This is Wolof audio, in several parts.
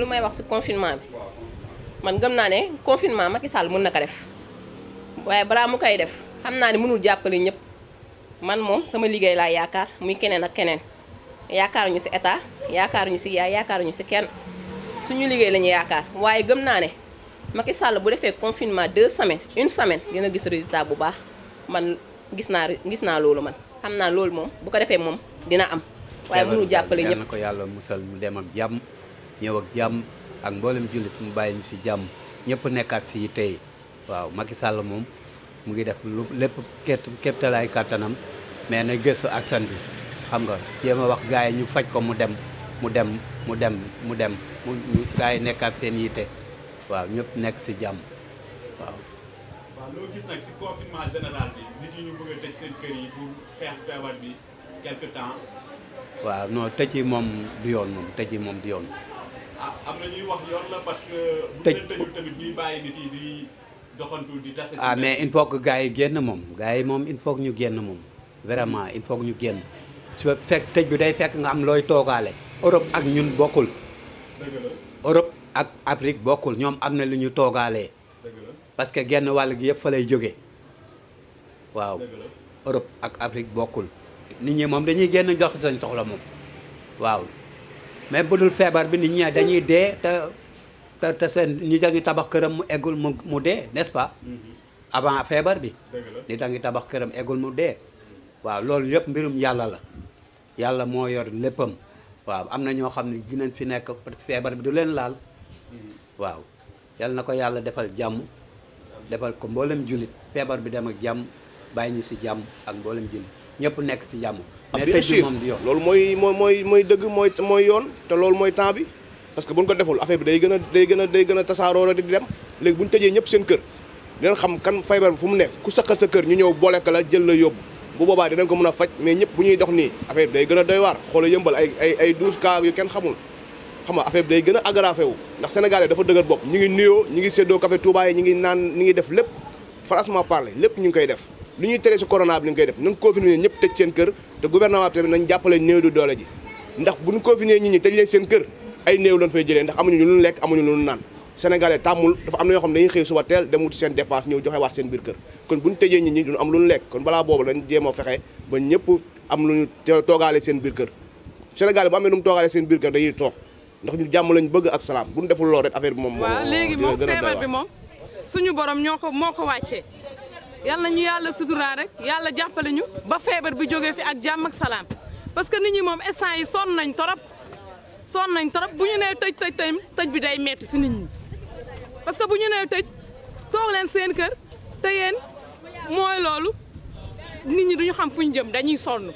lu may wax si confinement bi man gëm naa ne confinement Macky Sall mën na ko def waaye balaa mu koy def xam naa ne mënul jàppale ñëpp man moom sama liggéey laay yaakaar muy keneen ak keneen yaakaar yaakaaruñu si état ñu si yaay yaakaar yaakaaruñu si kenn suñu liggéey la ñu yaakaar waaye gëm naa ne Macky Sall bu defee confinement deux semaines une semaine dina gis résultat bu baax man gis naa gis naa loolu man xam naa loolu moom bu ko defee moom dina am. waaye mënul jàppale ñëpp ko yàlla musal mu dem ak jàmm. ñëw ak jàmm ak mboolem jullit mu bàyyi ci jàmm ñépp nekkaat si tey waaw Macky sàll moom mu ngi def lu lépp képp képptalaay kàttanam mais na gëstu ak san bi xam nga jéem a wax gars yi ñu faj ko mu dem mu dem mu dem mu dem mu gars yi nekkaat seen yitte waaw ñëpp nekk si jàmm waaw. waaw loo gis nag si confinement général bi nit ñu bëgg a tëj seen kër yi pour xeex feebar bi quelque temps. waaw non tëj yi moom du yoon moom tëj yi moom du yoon. am na ñuy wax yoon la parce que. tëj bu ñu tamit ñuy bàyyi nit yi di doxantu di tase. ah mais il faut que gars yi génn moom gars yi moom il faut que ñu génn moom vraiment il faut que ñu génn su fekk tëj bi day fekk nga am looy toogaale. Europe ak ñun bokkul. Europe ak Afrique bokkul ñoom am na lu ñu toogaalee. parce que genn wàll gi yëpp fa lay jógee waaw. Europe ak Afrique bokkul. nit ñi moom dañuy génn jox seen soxla moom waaw. mais dul febar bi nit ñi dañuy dé té té té sen ñi dangi tabax kërëm mu égul mu dé n'est-ce pas mm-hmm. avant febar bi ni dangi tabax kërëm égul mu dé waaw loolu yëpp mbirum yalla la yalla mo yor leppam waaw amna ño xamni dinañ fi nek febar bi du len laal mm-hmm. waaw yalla nako yalla defal jamm defal ko mbolam julit febar bi dem ak jamm bayni ci si ak mbolam julit ñëpp nekk ci jàmm. Ah, mais tëj loolu mooy mooy mooy mooy dëgg mooy mooy yoon te loolu mooy temps bi parce que buñ ko deful affaire bi day gën a day gën a day gën a tasaaroo rek di dem léegi buñ tëjee ñëpp seen kër dinañ xam kan feebar bi fu mu nekk ku saqal sa kër ñu ñëw boole la jël la yóbbu bu boobaa dinañ ko mën a faj mais ñëpp bu ñuy dox nii affaire bi day gën a doy waar xoola yëmbal ay ay ay douze yu kenn xamul xam nga affaire bi day gën a aggravé wu ndax sénégalais dafa dëgër bopp ñi ngi nuyoo ñi ngi séddoo café Touba yi ngi naan ñi ngi def lépp franchement parler lépp ñu ngi koy def lu ñuy tere si corona bi koy def nañ confiné ñëpp tëj seen kër te gouvernement bi tamit nañ jàppale néew du doole ji ndax bu ñu confiné nit ñi tëj seen kër ay néew lañ fay jële ndax amuñu lu ñu lekk amuñu lu ñu naan sénégalais tàmmul dafa am na ñoo xam ne dañuy xëy suba teel dem wuti seen dépense ñëw joxe waat seen biir kër kon bu ñu tëjee nit ñi duñu am lu ñu lekk kon balaa boobu dañ jéem a fexe ba ñëpp am lu ñu toogaale seen biir kër sénégalais bu amee nu mu toogaale seen biir kër dañuy toog ndax ñu jàmm lañ bëgg ak salaam bu ñu deful lool bi moom. waaw léegi moom feebar bi moom suñu borom ñoo ko moo ko wàccee yal na ñu yàlla suturaa rek yàlla jàppale ñu ba feebar bi jóge fi ak jàmm ak salaam parce que nit ñi moom instant yi sonn nañ torop sonn nañ torop bu ñu nee tëj tëj tey tëj bi day metti si nit ñi parce que bu ñu nee tëj toog leen seen kër te mooy loolu nit ñi duñu xam fu ñu jëm dañuy sonn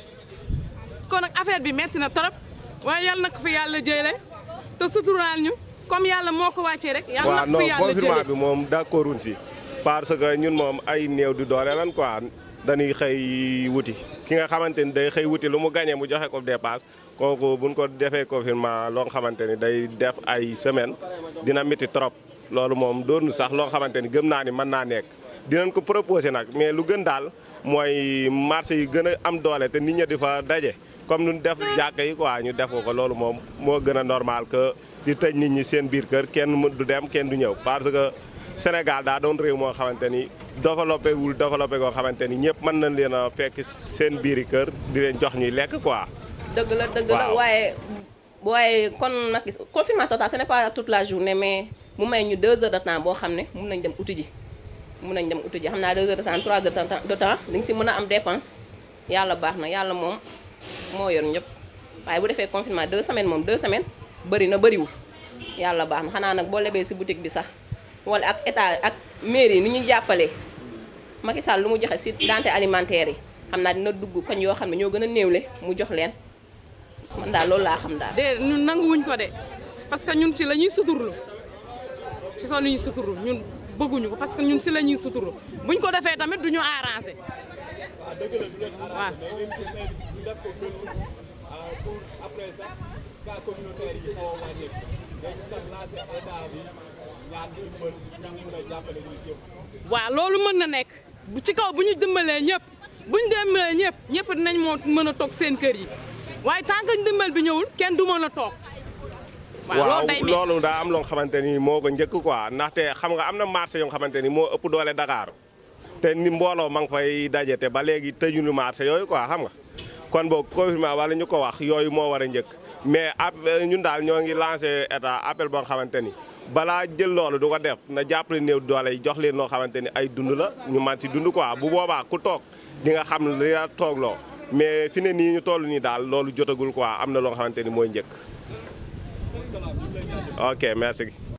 kon nag affaire bi metti na torop waaye yàlla na fi yàlla jëlee te suturaal ñu comme yàlla moo ko wàccee rek. yàlla na fi yàlla jëlee waaw non confinement bi moom d'accord parce que ñun moom ay néew du doole lan quoi dañuy xëy wuti ki nga xamante ni day xëy wuti lu mu gañee mu joxe ko dépasse kooku buñ ko defee confinement loo xamante ni day def ay semaine dina métti trop loolu moom doonu sax loo xamante ni gëm naa ni mën naa nekk dinañ ko proposé nag mais lu gën daal mooy marché yi gën a am doole te nit ñi di fa daje comme nun def jàkka yi quoi ñu def ko loolu moom moo gën a normal que di tëj nit ñi seen biir kër kenn du dem kenn du ñëw Sénégal daal doon réew moo xamante ni développé wul développé koo xamante ni ñëpp mën nañ leen a fekk seen biiri kër di leen jox ñuy lekk quoi. dëgg la dëgg la waaye. waaye kon nag confinement total ce n'est pas la journée mais mu may ñu 2 heures de temps boo xam ne mun nañ dem uti ji mun nañ dem uti ji xam naa 2 heures de temps 3 heures de temps dañ si mën a am dépense yàlla baax na yàlla moom moo yor ñëpp waaye bu defee confinement 2 semaines moom 2 semaines bëri na yàlla baax na xanaa nag boo lebee si boutique bi sax. wala ak état ak mairie ni ñu jappalé Macky Sall lu mu joxe si dante alimentaire yi xam dina dugg koñ yo xamne ño gëna gën mu jox leen man da lool la xam daal. de ñun wuñ ko dé parce que ñun ci lañuy suturlu ci sonu ñuy suturlu ñun bëgguñu ko parce que ñun ci lañuy suturlu buñ ko défé tamit duñu arranger wa waaw dëgg la du leen arrangé mais ngeen gis ne ñu def ko loolu pour après ça ka communautaire yi xaw a wàññeeku dañu sax lancer état bi. waaw loolu mën na nekk bu ci kaw bu ñu dimbalee ñëpp bu ñu dimbalee ñëpp ñëpp nañ moo mën a toog seen kër yi waaye tant que dimbal bi ñëwul kenn du mën a toog. waaw loolu daa am loo xamante ni moo ko njëkk quoi ndaxte xam nga am na marché yoo xamante ni moo ëpp doole Dakar te ni mbooloo ma nga fay daje te ba léegi tëjuñu marché yooyu quoi xam nga kon boog confinement wala ñu ko wax yooyu moo war a njëkk mais ñun daal ñoo ngi lancé état appel boo xamante ni. balaa jël loolu du ko def na jàppale ni doole jox leen loo xamante ni ay dund la ñu man si dund quoi bu boobaa ku toog di nga xam li la toog loo mais fi ne nii ñu toll nii daal loolu jotagul quoi am na loo xamante ni mooy njëkk ok merci